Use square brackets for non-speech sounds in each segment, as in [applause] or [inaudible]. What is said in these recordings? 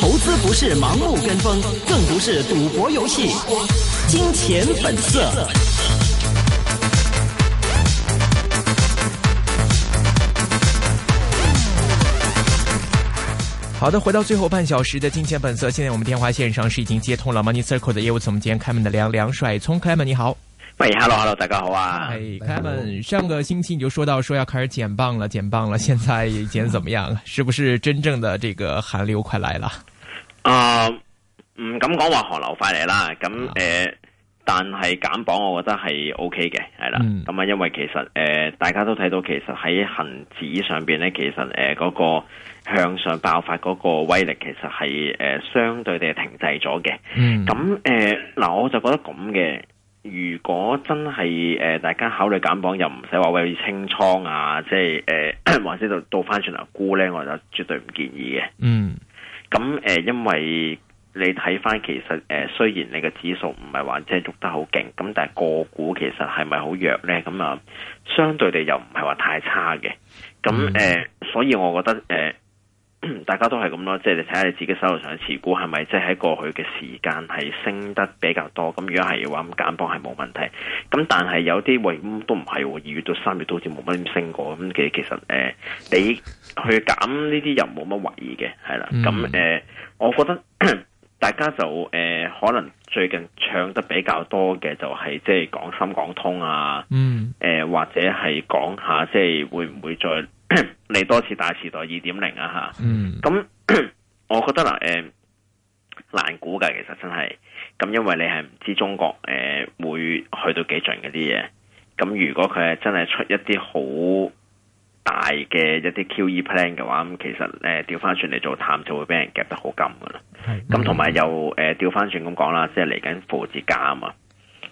投資不是盲目跟風，更不是賭博遊戲。金錢本色。好的，回到最後半小時的金錢本色，現在我們電話線上是已經接通了 Money Circle 的業務總監 Clement 的梁梁帥聰，Clement 你好。喂，hello，hello，大家好啊！誒，Kevin，Hey, Kevin, 上個星期你就說到說要開始減磅了，減磅了，現在減得怎麼樣啊？ [laughs] 是不是真正的這個寒流快嚟啦？啊、呃，唔敢講話寒流快嚟啦，咁誒、呃，但係減磅我覺得係 OK 嘅，係啦，咁啊、嗯，因為其實誒、呃，大家都睇到其實喺恒指上邊咧，其實誒嗰、呃那個向上爆發嗰個威力，其實係誒、呃、相對地係停滯咗嘅。嗯，咁誒嗱，我就覺得咁嘅。如果真係誒、呃、大家考慮減磅，又唔使話為清倉啊，即係誒、呃、或者到倒翻轉頭沽呢，我就絕對唔建議嘅。嗯，咁誒、呃，因為你睇翻其實誒、呃，雖然你個指數唔係話即係喐得好勁，咁但係個股其實係咪好弱呢？咁啊，相對地又唔係話太差嘅。咁誒、嗯呃，所以我覺得誒，呃大家都係咁咯，即係你睇下你自己手頭上嘅持股係咪，即係喺過去嘅時間係升得比較多。咁如果係嘅話，咁減磅係冇問題。咁但係有啲位都唔係，二月到三月都好似冇乜點升過。咁其實其實誒，你去減呢啲又冇乜懷疑嘅，係啦。咁誒、嗯呃，我覺得大家就誒、呃，可能最近唱得比較多嘅就係、是、即係講深港通啊，誒、嗯呃、或者係講下即係會唔會再嚟 [music] 多次大時代二點零啊吓，咁、嗯、 [coughs] 我覺得嗱，誒、呃、難估嘅其實真係，咁因為你係唔知中國誒、呃、會去到幾盡嗰啲嘢，咁如果佢係真係出一啲好大嘅一啲 QE plan 嘅話，咁其實誒調翻轉嚟做淡就會俾人夾得好緊噶啦，咁同埋又誒調翻轉咁講啦，即係嚟緊負折價啊嘛，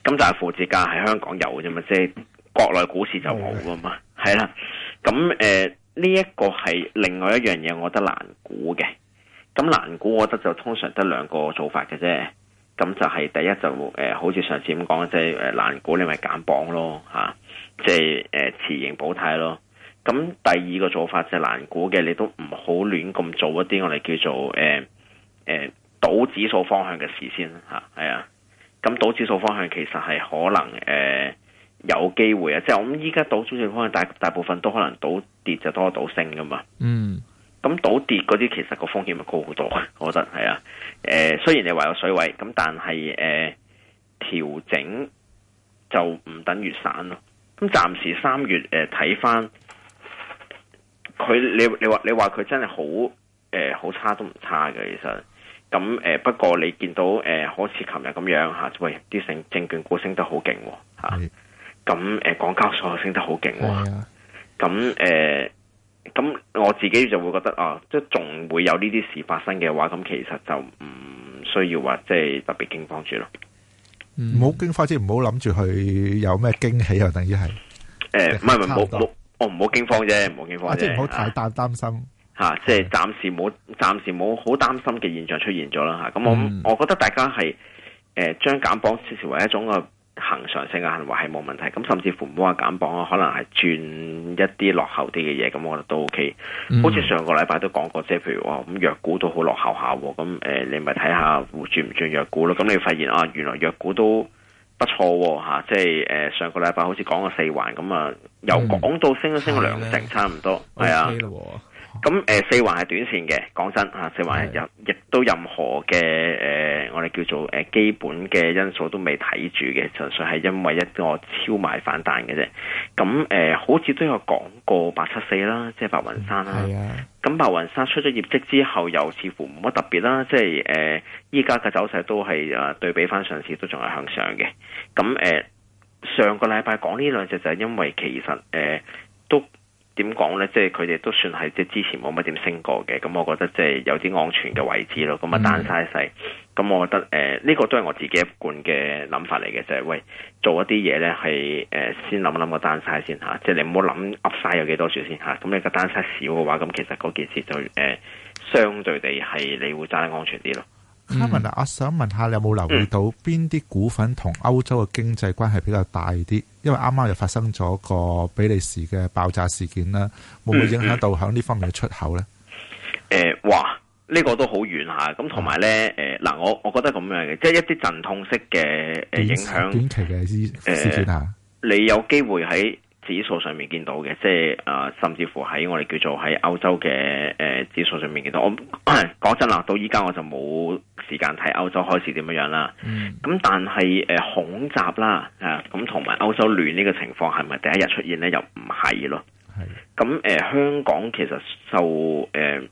咁但係負折價喺香港有啫嘛，即係國內股市就冇噶嘛，係啦、嗯。嗯嗯咁誒，呢一、呃這個係另外一樣嘢，我覺得難估嘅。咁難估，我覺得就通常得兩個做法嘅啫。咁就係第一就誒、呃，好似上次咁講，即係誒、呃、難估，你咪減磅咯吓，即係誒持盈保泰咯。咁、啊就係呃、第二個做法就難估嘅，你都唔好亂咁做一啲我哋叫做誒誒賭指數方向嘅事先吓，係啊。咁賭、啊、指數方向其實係可能誒。呃有機會啊！即係我諗依家倒中正方向，大大部分都可能倒跌就多倒升噶嘛。嗯，咁倒跌嗰啲其實個風險咪高好多，我覺得係啊。誒、呃，雖然你話有水位，咁但係誒、呃、調整就唔等於散咯。咁暫時三月誒睇翻佢，你你話你話佢真係好誒、呃、好差都唔差嘅，其實。咁誒、呃、不過你見到誒、呃、好似琴日咁樣吓，喂，啲成證券股升得好勁嚇。啊咁誒，港交所升得好勁啊！咁誒哇，咁、嗯呃、我自己就會覺得啊，即係仲會有呢啲事發生嘅話，咁其實就唔需要話即係特別驚慌住咯。唔好驚慌即唔好諗住去有咩驚喜又等於係誒，唔係唔係，冇冇，我唔好驚慌啫，唔好驚慌即係唔好太擔擔心吓，即係暫時冇，暫時冇好擔心嘅現象出現咗啦吓。咁我我覺得大家係誒將減磅視為一種個。嗯嗯行上升啊，或係冇問題，咁甚至乎唔好話減磅啊，可能係轉一啲落後啲嘅嘢，咁我覺得都 O K。嗯、好似上個禮拜都講過，即係譬如話咁藥股都好落後下喎，咁誒、呃、你咪睇下轉唔轉藥股咯。咁你發現啊，原來藥股都不錯喎、啊、即係誒、呃、上個禮拜好似講個四環咁啊，由講到升一升兩成差唔多，係啊、嗯。咁誒四環係短線嘅，講真啊，四環亦亦都任何嘅誒、呃，我哋叫做誒、呃、基本嘅因素都未睇住嘅，純粹係因為一個超賣反彈嘅啫。咁誒、呃、好似都有講過八七四啦，即係白雲山啦。咁的白雲山出咗業績之後，又似乎冇乜特別啦。即係誒依家嘅走勢都係啊對比翻上，上次都仲係向上嘅。咁誒、呃、上個禮拜講呢兩隻就係因為其實誒、呃、都。點講呢？即係佢哋都算係即係之前冇乜點升過嘅，咁我覺得即係有啲安全嘅位置咯。咁啊單晒細，咁、嗯、我覺得誒呢、呃這個都係我自己一貫嘅諗法嚟嘅，就係、是、喂做一啲嘢呢係誒、呃、先諗諗個單晒先吓，即係你唔好諗噏晒有幾多注先吓，咁、啊、你個單晒少嘅話，咁其實嗰件事就誒、呃、相對地係你會揸得安全啲咯。啱問啊！我、嗯嗯、想問下，你有冇留意到邊啲股份同歐洲嘅經濟關係比較大啲？因為啱啱又發生咗個比利時嘅爆炸事件啦，會唔會影響到喺呢方面嘅出口呢？誒、嗯嗯嗯呃，哇！呢、這個都好遠吓，咁同埋呢，誒嗱、嗯呃，我我覺得咁樣嘅，即係一啲陣痛式嘅影響短期嘅市市轉下，你有機會喺？指數上面見到嘅，即係誒、呃，甚至乎喺我哋叫做喺歐洲嘅誒、呃、指數上面見到。我講真啦，到依家我就冇時間睇歐洲開始點樣樣、嗯呃、啦。咁但係誒恐襲啦，誒咁同埋歐洲亂呢個情況係咪第一日出現呢？又唔係咯。咁誒是的、呃、香港其實受誒、呃、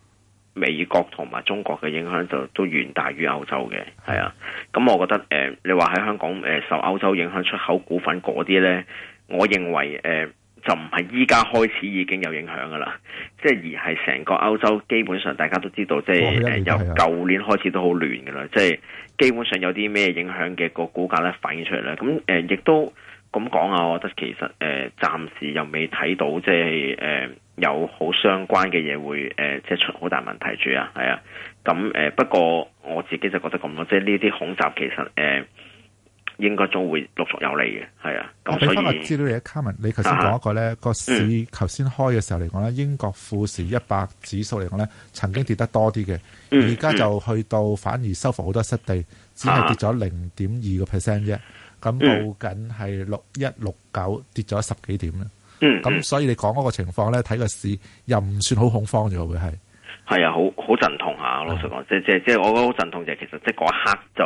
美國同埋中國嘅影響就都遠大於歐洲嘅。係啊，咁、嗯、是的 我覺得誒、呃、你話喺香港誒、呃、受歐洲影響出口股份嗰啲呢。我認為誒、呃、就唔係依家開始已經有影響噶啦，即係而係成個歐洲基本上大家都知道，即係誒、呃、由舊年開始都好亂噶啦，即係基本上有啲咩影響嘅個股價咧反映出嚟咧。咁誒、呃、亦都咁講啊，我覺得其實誒、呃、暫時又未睇到即係誒、呃、有好相關嘅嘢會誒、呃、即係出好大問題住啊，係啊。咁、嗯、誒、呃、不過我自己就覺得咁咯，即係呢啲恐襲其實誒。呃應該仲會陸續有嚟嘅，係啊。我俾翻個資料 men, 你，卡文，你頭先講一個咧，個、啊嗯、市頭先開嘅時候嚟講咧，英國富時一百指數嚟講咧，曾經跌得多啲嘅，而家就去到反而收復好多失地，只係跌咗零點二個 percent 啫。咁報緊係六一六九，啊嗯、6, 9, 跌咗十幾點啦。咁、啊嗯嗯、所以你講嗰個情況咧，睇個市又唔算好恐慌咗，會係。係啊，好好陣痛啊老實講，即即即我覺得好陣痛就其實即嗰一刻你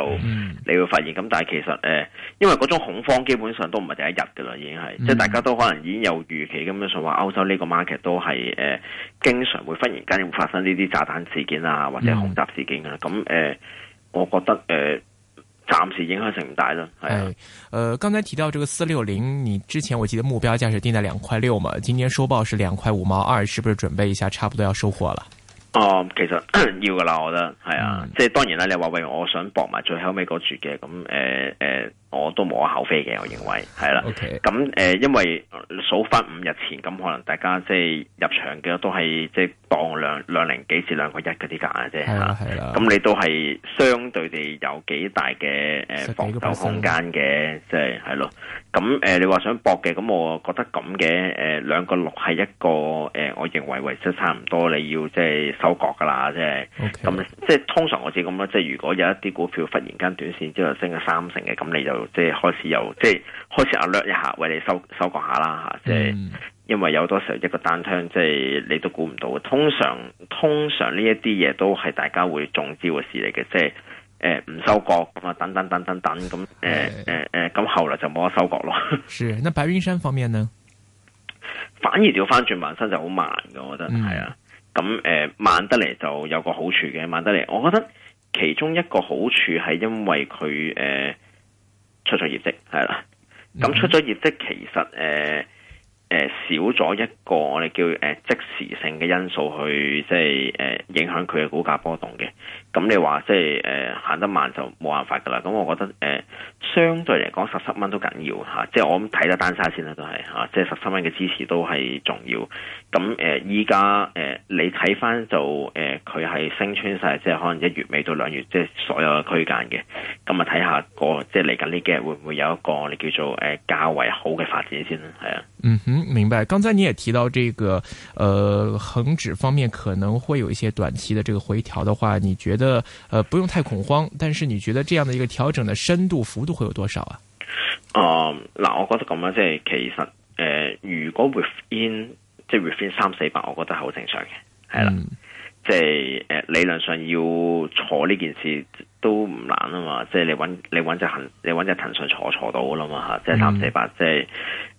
就你會發現咁，嗯、但係其實誒、呃，因為嗰種恐慌基本上都唔係第一日噶啦，已經係即大家都可能已經有預期咁樣，想話歐洲呢個 market 都係誒、呃，經常會忽然間會發生呢啲炸彈事件啊，或者恐襲事件啊，咁誒、嗯嗯呃，我覺得誒，暫、呃、時影響性唔大咯。係啊、哎，誒、呃，剛才提到這個四六零，你之前我記得目標價是定在兩塊六嘛？今天收報是兩塊五毛二，是不是準備一下，差不多要收貨了？哦，uh, 其實 [laughs] 要㗎喇，我覺得係啊，即係 [noise] 當然啦，你話喂，我想搏埋最後尾嗰注嘅，咁誒誒，呃呃我都無可厚非嘅，我認為係啦。咁誒，因為數翻五日前，咁可能大家即係入場嘅都係即係當兩兩零幾至兩個一嗰啲價啫係啦。咁你都係相對地有幾大嘅誒防守空間嘅，即係係咯。咁誒，你話想搏嘅，咁我覺得咁嘅誒兩個六係一個誒，我認為維值差唔多，你要即係收割噶啦，即係咁。即係通常我知咁啦。即係如果有一啲股票忽然間短線之後升咗三成嘅，咁你就即係開始有，即係開始 alert 一下，為你收收割下啦吓。即係、嗯、因為有多時候一個單聽，即係你都估唔到。通常通常呢一啲嘢都係大家會中招嘅事嚟嘅。即係誒唔收割咁啊，等等等等等咁誒誒誒，咁、呃呃呃呃、後來就冇得收割咯。是，那白雲山方面呢？反而調返轉慢身就好慢嘅，我覺得係啊。咁誒慢得嚟就有個好處嘅，慢得嚟，我覺得其中一個好處係因為佢誒。呃出咗業績，係啦。咁出咗業績，其實誒誒、呃呃、少咗一個我哋叫誒、呃、即時性嘅因素去，即係誒影響佢嘅股價波動嘅。咁你話即係誒行得慢就冇辦法噶啦，咁我覺得誒相對嚟講十七蚊都緊要嚇，即係我咁睇得單沙先啦，都係嚇，即係十七蚊嘅支持都係重要。咁誒依家誒你睇翻就誒佢係升穿晒，即係可能一月尾到兩月，即係所有嘅區間嘅。咁啊睇下個即係嚟緊呢幾日會唔會有一個你叫做誒較為好嘅發展先啦，係啊。嗯哼，明白。剛才你也提到這個，呃，恆指方面可能會有一些短期的這個回調的話，你覺得？呃，呃，不用太恐慌，但是你覺得這樣的一個調整的深度幅度會有多少啊？哦，嗱，我覺得咁樣即係其實，誒、呃，如果 within 即係 within 三四百，我覺得係好正常嘅，係啦，嗯、即係誒、呃，理論上要坐呢件事都唔難啊嘛，即係你揾你揾隻、隻騰你揾隻騰訊坐坐到啦嘛吓，即係三四百，即係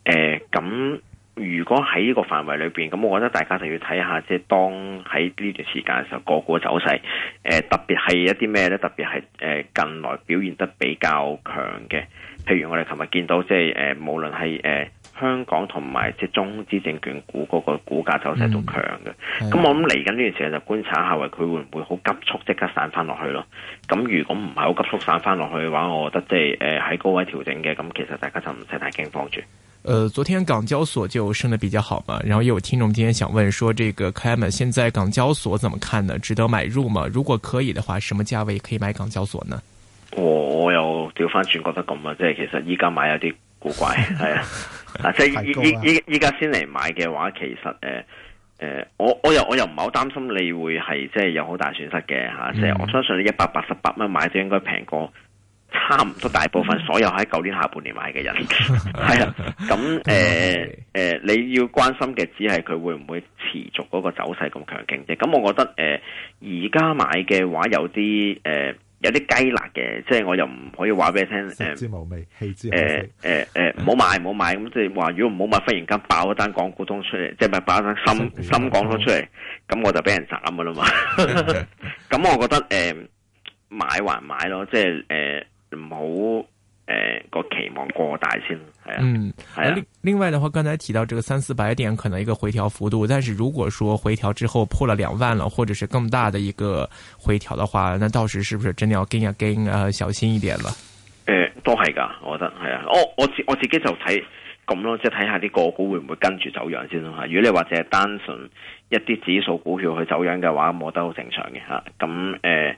誒咁。如果喺呢個範圍裏邊，咁我覺得大家就要睇下，即係當喺呢段時間嘅時候，個股嘅走勢，誒、呃、特別係一啲咩呢？特別係誒近來表現得比較強嘅，譬如我哋琴日見到，即係誒、呃、無論係誒香港同埋即係中資證券股嗰個股價走勢都強嘅。咁、嗯、我諗嚟緊呢段時間就觀察下，佢會唔會好急速即刻散翻落去咯？咁如果唔係好急速散翻落去嘅話，我覺得即係誒喺高位調整嘅，咁其實大家就唔使太驚慌住。誒、呃，昨天港交所就升得比較好嘛，然後有聽眾今天想問說，這個 Clement，現在港交所怎麼看呢？值得買入嗎？如果可以的話，什麼價位可以買港交所呢？我、哦、我又調翻轉覺得咁 [laughs] 啊，即係其實依家買有啲古怪，係啊，即係依家先嚟買嘅話，其實誒、呃，我我又我又唔係好擔心你會係即係有好大損失嘅吓，即、啊、係、嗯、我相信你一百八十八蚊買就應該平過。差唔多大部分所有喺舊年下半年買嘅人、 [laughs] [laughs] 啊，係啦。咁誒誒，你要關心嘅只係佢會唔會持續嗰個走勢咁強勁啲。咁、呃、我覺得誒，而、呃、家買嘅話有啲誒、呃、有啲雞肋嘅，即係我又唔可以話俾你聽誒誒誒誒，唔好買唔好買咁即係話，如果唔好買，忽然間爆一單港股通出嚟，即係咪爆一單深 [laughs] 深港股通出嚟？咁我就俾人斬噶啦嘛。咁我覺得誒、呃、買還買咯，即係誒。呃唔好誒，個期望過大先，係啊。嗯，係啊，啊。另另外嘅話，剛才提到這個三四百點可能一個回調幅度，但是如果說回調之後破了兩萬了，或者是更大的一個回調的話，那到時是不是真要驚啊驚啊小心一點了？誒、呃，都係噶，我覺得係啊。哦、我我自我自己就睇。咁咯，即係睇下啲個股會唔會跟住走樣先咯嚇。如果你或者單純一啲指數股票去走樣嘅話，我覺得好正常嘅嚇。咁、啊、誒，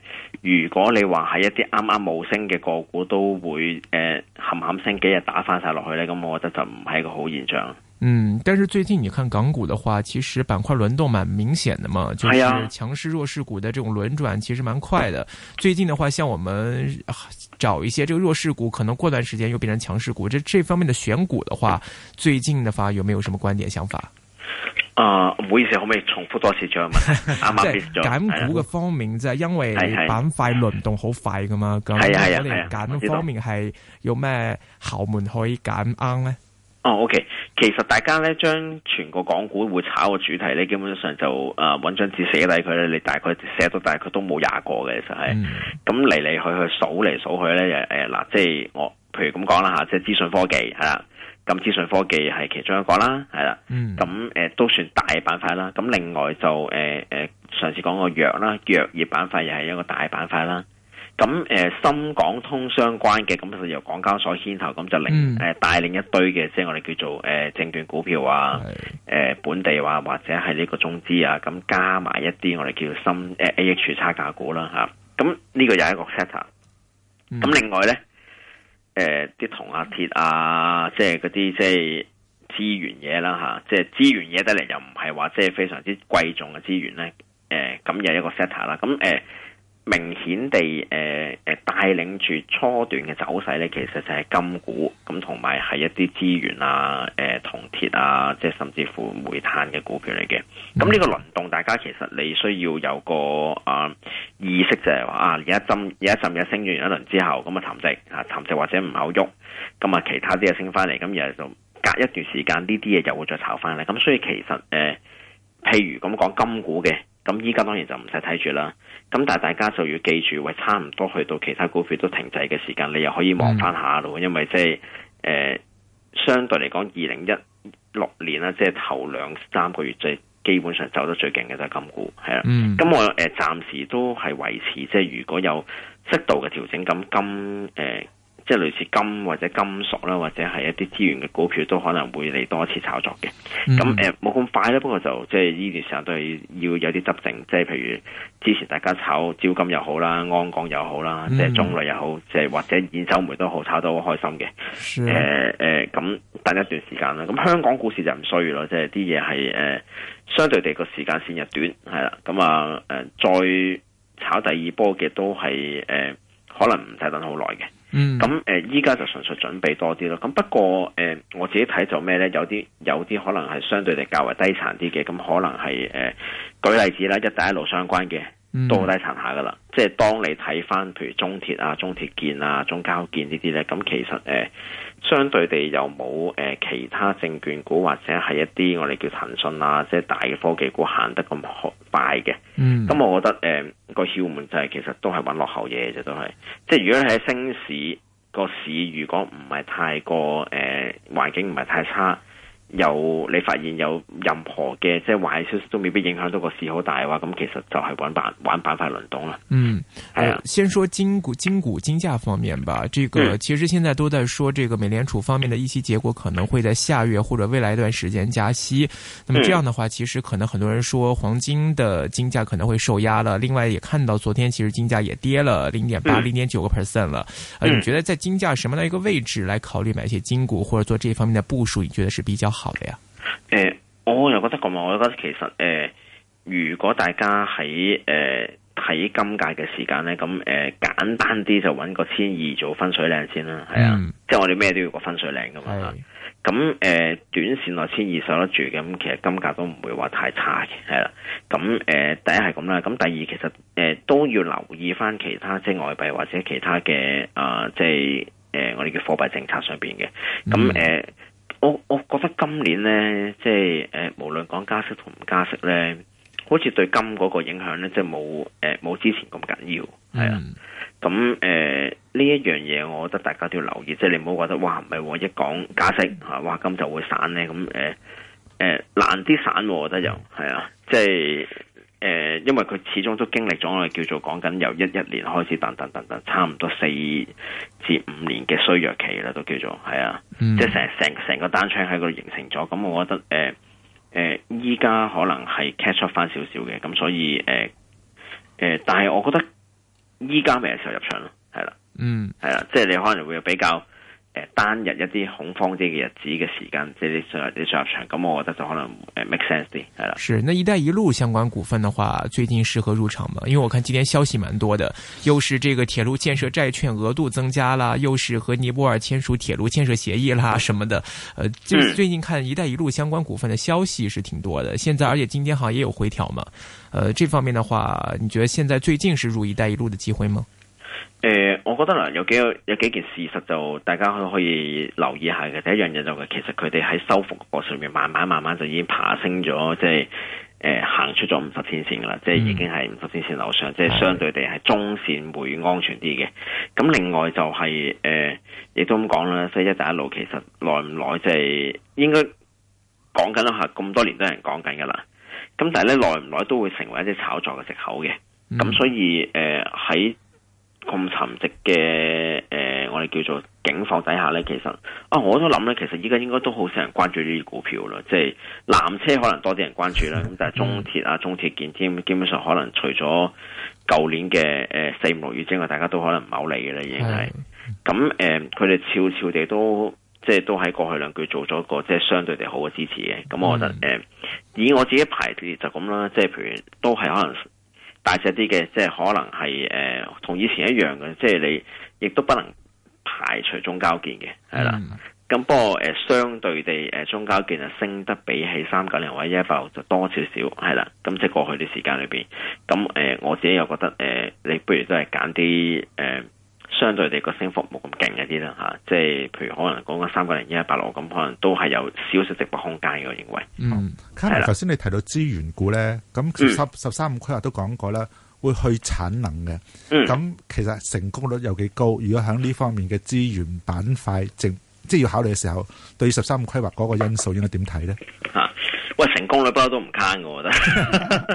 如果你話係一啲啱啱冇升嘅個股都會誒冚冚升幾日打翻晒落去咧，咁我覺得就唔係一個好現象。嗯，但是最近你看港股的話，其實板塊輪動蠻明顯的嘛，就是強勢弱勢股的這種輪轉其實蠻快的。最近的話，像我們、啊、找一些這個弱勢股，可能過段時間又變成強勢股。這這方面的選股的話，最近的話有沒有什麼觀點想法？啊、呃，唔好意思，可唔可以重複多次再問？即係港股嘅方面，即係 [laughs] 因為板塊輪動好快嘅嘛，咁我哋揀方面係有咩後門可以揀啱呢？哦、oh，OK，其實大家咧將全個港股會炒嘅主題咧，基本上就誒，揾張紙寫低佢咧，你大概寫到大概都冇廿個嘅，其實係咁嚟嚟去去數嚟數去咧，誒誒，嗱，即係我、哦、譬如咁講啦吓，即係資訊科技係啦，咁資訊科技係其中一個啦，係啦，咁誒、嗯呃、都算大板塊啦，咁另外就誒誒、呃呃，上次講個藥啦，藥業板塊又係一個大板塊啦。咁誒、呃、深港通相關嘅咁就由港交所牽頭，咁就領誒、嗯呃、帶領一堆嘅，即係我哋叫做誒、呃、證券股票啊，誒、呃、本地話或者係呢個中資啊，咁加埋一啲我哋叫做深誒 AH 差價股啦吓，咁、啊、呢個又係一個 sector。咁另外咧，誒、呃、啲銅啊、鐵啊，即係嗰啲即係資源嘢啦吓，即係資源嘢得嚟又唔係話即係非常之貴重嘅資源咧。誒咁又係一個 sector、啊、啦。咁、啊、誒。啊明顯地，誒、呃、誒，帶領住初段嘅走勢咧，其實就係金股，咁同埋係一啲資源啊，誒、呃，銅鐵啊，即係甚至乎煤炭嘅股票嚟嘅。咁呢、嗯、個輪動，大家其實你需要有個啊意識、就是，就係話啊，而家浸而家陣嘅升完一輪之後，咁啊沉寂啊沉寂或者唔好喐，咁啊其他啲嘢升翻嚟，咁又就隔一段時間呢啲嘢又會再炒翻嚟。咁所以其實誒、呃，譬如咁講金股嘅。咁依家當然就唔使睇住啦。咁但係大家就要記住，喂，差唔多去到其他股票都停滯嘅時間，你又可以望翻下咯。嗯、因為即係誒，相對嚟講，二零一六年啦，即係頭兩三個月即係基本上走得最勁嘅就係金股，係啦。咁、嗯、我誒、呃、暫時都係維持，即係如果有適度嘅調整，咁金誒。呃即係類似金或者金屬啦，或者係一啲資源嘅股票，都可能會嚟多一次炒作嘅。咁誒、嗯，冇咁、呃、快啦，不過就即係呢段時間都係要有啲執正。即係譬如之前大家炒招金又好啦，鞍鋼又好啦，即係中鋁又好，嗯、即係或者染手煤都好，炒得好開心嘅。誒誒的，咁、呃呃、等一段時間啦。咁香港股市就唔衰咯，即係啲嘢係誒相對地個時間線又短，係啦。咁啊誒，再炒第二波嘅都係誒、呃，可能唔使等好耐嘅。嗯，咁誒，依、呃、家就純粹準備多啲咯。咁不過誒、呃，我自己睇就咩咧？有啲有啲可能係相對地較為低殘啲嘅，咁可能係誒、呃，舉例子啦，一帶一路相關嘅都好低殘下噶啦。即係當你睇翻譬如中鐵啊、中鐵建啊、中交建呢啲咧，咁其實誒。呃相對地又冇誒其他證券股或者係一啲我哋叫騰訊啊，即係大嘅科技股行得咁快嘅。嗯，咁我覺得誒個、呃、竅門就係、是、其實都係揾落後嘢啫，都係。即係如果你喺升市、個市，如果唔係太過誒、呃、環境唔係太差。有你發現有任何嘅即係壞消息都未必影響到個市好大嘅話，咁其實就係玩板玩板塊輪動啦。嗯、係、呃、啊。先說金股金股金價方面吧，這個其實現在都在說，這個美聯儲方面的議息結果可能會在下月或者未來一段時間加息。那麼這樣的話，嗯、其實可能很多人說黃金的金價可能會受壓了。另外也看到昨天其實金價也跌了零點八、零點九個 percent 了。嗯、啊，你覺得在金價什麼樣一個位置來考慮買一些金股或者做這方面的部署？你覺得是比較好？合理啊！誒、呃，我又覺得咁啊，我覺得其實誒、呃，如果大家喺誒睇金價嘅時間咧，咁、呃、誒簡單啲就揾個千二做分水嶺先啦，係啊，嗯、即係我哋咩都要個分水嶺噶、嗯、嘛。咁、呃、誒，短線我千二守得住嘅，咁其實金價都唔會話太差嘅，係啦。咁、呃、誒，第一係咁啦，咁第二其實誒、呃、都要留意翻其他即係外幣或者其他嘅啊、呃，即係誒、呃、我哋叫貨幣政策上邊嘅，咁誒。嗯呃我我覺得今年呢，即係誒、呃，無論講加息同唔加息呢，好似對金嗰個影響呢，即係冇誒冇之前咁緊要，係啊。咁誒呢一樣嘢，我覺得大家都要留意，即係你唔好覺得哇，唔係我一講加息吓，話金、嗯、就會散呢。咁誒誒難啲散、啊，我覺得又係啊，即係。誒，因為佢始終都經歷咗我哋叫做講緊由一一年開始等等等等，差唔多四至五年嘅衰弱期啦，都叫做係啊，嗯、即係成成成個 down trend 喺度形成咗。咁、嗯、我覺得誒誒，依、呃、家、呃、可能係 catch up 翻少少嘅，咁、嗯、所以誒誒、呃呃，但係我覺得依家未係時候入場咯，係啦、啊，嗯，係啦、啊，即係你可能會有比較。誒、呃，單日一啲恐慌啲嘅日子嘅時間，即係啲上啲 short term，咁我覺得就可能誒、呃、make sense 啲係啦。是，是，那一帶一路相關股份的話，最近適合入場嗎？因為我看今天消息蠻多的，又是這個鐵路建設債券額度增加啦，又是和尼泊爾簽署鐵路建設協議啦，什麼的。誒、呃，最、就是、最近看一帶一路相關股份的消息是挺多的。現在而且今天好像也有回調嘛。誒、呃，這方面的話，你覺得現在最近是入一帶一路的機會嗎？誒、呃，我覺得啦，有幾有幾件事實就大家可以留意下嘅。第一樣嘢就係、是，其實佢哋喺修復過上面，慢慢慢慢就已經爬升咗，即係誒行出咗五十天線噶啦，即係已經係五十天線樓上，嗯、即係相對地係中線會安全啲嘅。咁、嗯、另外就係、是、誒，亦、呃、都咁講啦，一帶一路其實耐唔耐即係應該講緊啦吓，咁多年都係人講緊噶啦。咁但係咧，耐唔耐都會成為一啲炒作嘅借口嘅。咁所以誒喺、呃咁沉寂嘅，誒、呃，我哋叫做境況底下呢。其實啊，我都諗呢，其實依家應該都好少人關注呢啲股票啦，即係南車可能多啲人關注啦，咁但係中鐵啊、中鐵建，建，添，基本上可能除咗舊年嘅誒四五六月之外，大家都可能唔係好理嘅咧，已經係，咁、嗯、誒，佢哋悄悄地都，即、就、係、是、都喺過去兩句做咗個即係相對地好嘅支持嘅，咁我覺得誒，嗯、以我自己排隊就咁啦，即係譬如都係可能。大隻啲嘅，即係可能係誒，同、呃、以前一樣嘅，即係你亦都不能排除中交建嘅，係啦。咁、嗯、不過誒、呃，相對地誒、呃，中交建啊升得比起三九零或者一浮就多少少，係啦。咁、嗯、即係過去啲時間裏邊，咁誒、呃，我自己又覺得誒、呃，你不如都係揀啲誒，相對地個升幅冇咁勁。即係譬如可能講緊三個零一一百六咁，可能都係有少少值博空間嘅，我認為。嗯，卡啦。頭先的你提到資源股咧，咁十、嗯、十三五規劃都講過啦，會去產能嘅。嗯。咁其實成功率有幾高？如果喺呢方面嘅資源板塊，即係要考慮嘅時候，對十三五規劃嗰個因素應該點睇咧？吓、啊，喂，成功率不嬲都唔 can 嘅我覺得。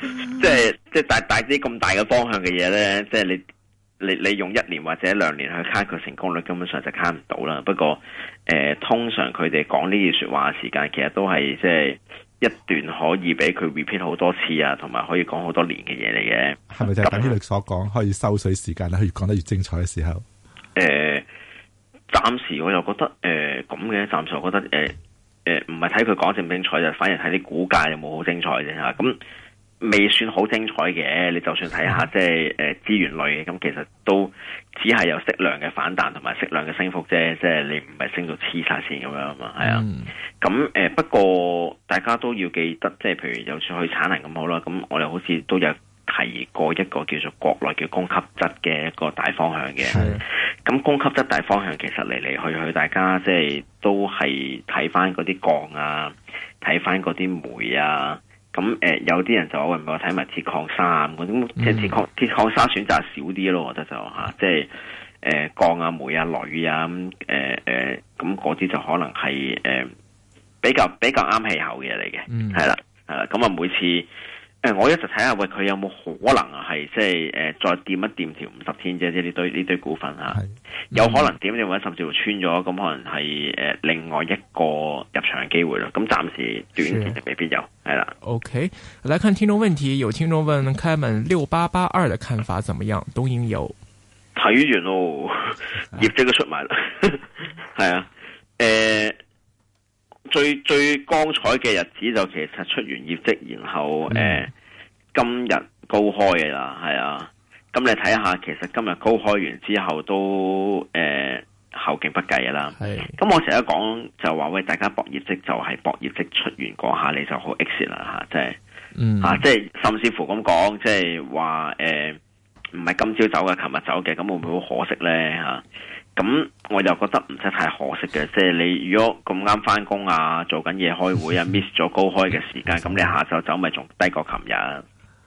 即係即係大大啲咁大嘅方向嘅嘢咧，即、就、係、是、你。大大你你用一年或者兩年去卡佢成功率，根本上就卡唔到啦。不過誒、呃，通常佢哋講呢啲說話嘅時間，其實都係即係一段可以俾佢 repeat 好多次啊，同埋可以講好多年嘅嘢嚟嘅。係咪就係等於你所講，可以收水時間可以講得越精彩嘅時候。誒、呃，暫時我又覺得誒咁嘅，暫時我覺得誒誒，唔係睇佢講正唔精彩，就反而睇啲股價有冇好精彩啫吓咁。啊未算好精彩嘅，你就算睇下、嗯、即係誒、呃、資源類嘅，咁其實都只係有適量嘅反彈同埋適量嘅升幅啫，即係你唔係升到黐晒線咁樣啊嘛，係啊。咁誒、嗯呃、不過大家都要記得，即係譬如就算佢產能咁好啦，咁我哋好似都有提過一個叫做國內嘅供給質嘅一個大方向嘅。咁、啊、供給質大方向其實嚟嚟去去，大家即係都係睇翻嗰啲鋼啊，睇翻嗰啲煤啊。咁誒、呃、有啲人就我唔係話睇埋鐵礦砂咁，即係鐵，鐵礦鐵礦砂選擇少啲咯，我覺得就嚇、啊，即係誒、呃、鋼啊、煤啊、鋁啊咁誒，咁嗰啲就可能係誒、呃、比較比較啱氣候嘅嘢嚟嘅，係啦、嗯，係啦，咁啊每次。呃、我一直睇下喂，佢有冇可能係即係誒，再掂一掂條五十天啫？即係呢堆呢堆股份吓，有可能點嘅話，甚至乎穿咗，咁可能係誒、呃、另外一個入場嘅機會咯。咁暫時短期就未必有，係是啦。OK，嚟看聽眾問題，有聽眾問：Kevin 六八八二嘅看法怎麼樣？都應有睇完咯，業績都出埋啦。係啊，誒、 [laughs] 啊呃，最最光彩嘅日子就其實出完業績，然後誒。嗯今日高開嘅啦，係啊，咁你睇下，其實今日高開完之後都誒後勁不計啦。係，咁我成日講就話，喂，大家博業績就係博業績，出完嗰下你就好 exit 啦吓，即係吓，即係甚至乎咁講，即係話誒，唔係今朝走嘅，琴日走嘅，咁會唔會好可惜咧吓？咁我就覺得唔使太可惜嘅，即係你如果咁啱翻工啊，做緊嘢開會啊，miss 咗高開嘅時間，咁你下晝走咪仲低過琴日？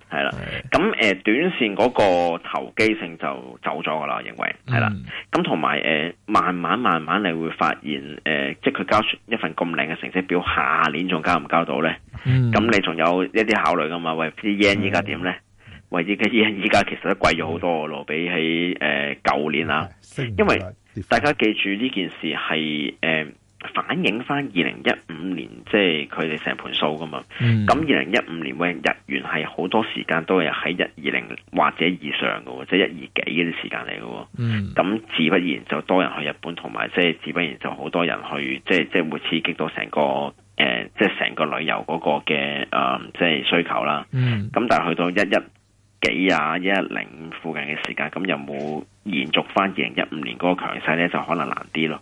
係啦，咁誒、呃，短線嗰個投機性就走咗噶啦，認為係啦，咁同埋誒，慢慢慢慢你會發現誒、呃，即係佢交出一份咁靚嘅成績表，下年仲交唔交到咧？咁、嗯、你仲有一啲考慮噶嘛？喂，啲 yen 依家點咧？嗯、喂，啲嘅 yen 依家其實都貴咗好多咯，的比起誒舊年啦，的因為大家記住呢件事係誒。呃反映翻二零一五年，即係佢哋成盤數噶嘛。咁二零一五年喂日元係好多時間都係喺一二零或者以上噶，即係一二幾嘅時間嚟噶。咁、嗯、自不然就多人去日本，同埋即係自不然就好多人去，即係即係會刺激到成個誒、呃，即係成個旅遊嗰個嘅誒、呃，即係需求啦。咁、嗯、但係去到一一幾啊，一一零附近嘅時間，咁又冇延續翻二零一五年嗰個強勢咧，就可能難啲咯。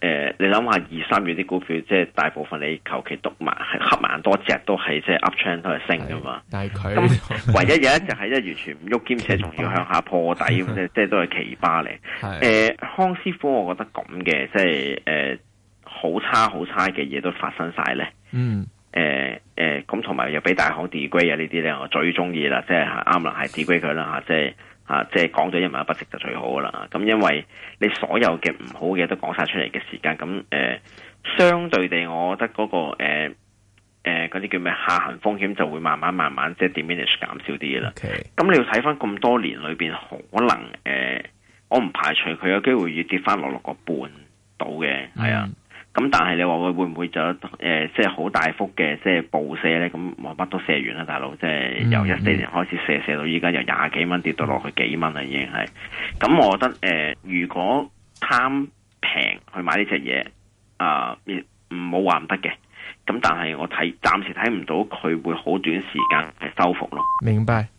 誒、呃，你諗下二三月啲股票，即係大部分你求其讀埋，合埋多隻都係即係 up trend 都係升噶嘛。但係佢咁唯一有一隻係一完全唔喐兼，且仲要向下破底，即係即係都係奇葩嚟。誒的、呃，康師傅我覺得咁嘅，即係誒好差好差嘅嘢,都發生晒咧。嗯、呃。誒、呃、誒，咁同埋又俾大行 degrade 啊呢啲咧，我最中意啦，即係啱啦，係 degrade 佢啦吓，即係。啊，即係講咗一文不值就最好啦。咁因為你所有嘅唔好嘅都講晒出嚟嘅時間，咁誒、呃、相對地，我覺得嗰、嗰個誒誒嗰啲叫咩下行風險就會慢慢慢慢即係 diminish 減少啲啦。咁 Okay. 你要睇翻咁多年裏邊可能誒、呃，我唔排除佢有機會要跌翻落六個半到嘅，係啊。咁但係你話會會唔會就誒，即係好大幅嘅即係暴瀉呢？咁我乜都瀉完啦，大佬，即係由一四年開始瀉，瀉到依家由廿幾蚊跌到落去幾蚊啦，已經係。咁、嗯嗯、我覺得誒、呃，如果貪平去買呢隻嘢啊，唔好話唔得嘅。咁但係我睇暫時睇唔到佢會好短時間係修復咯。明白。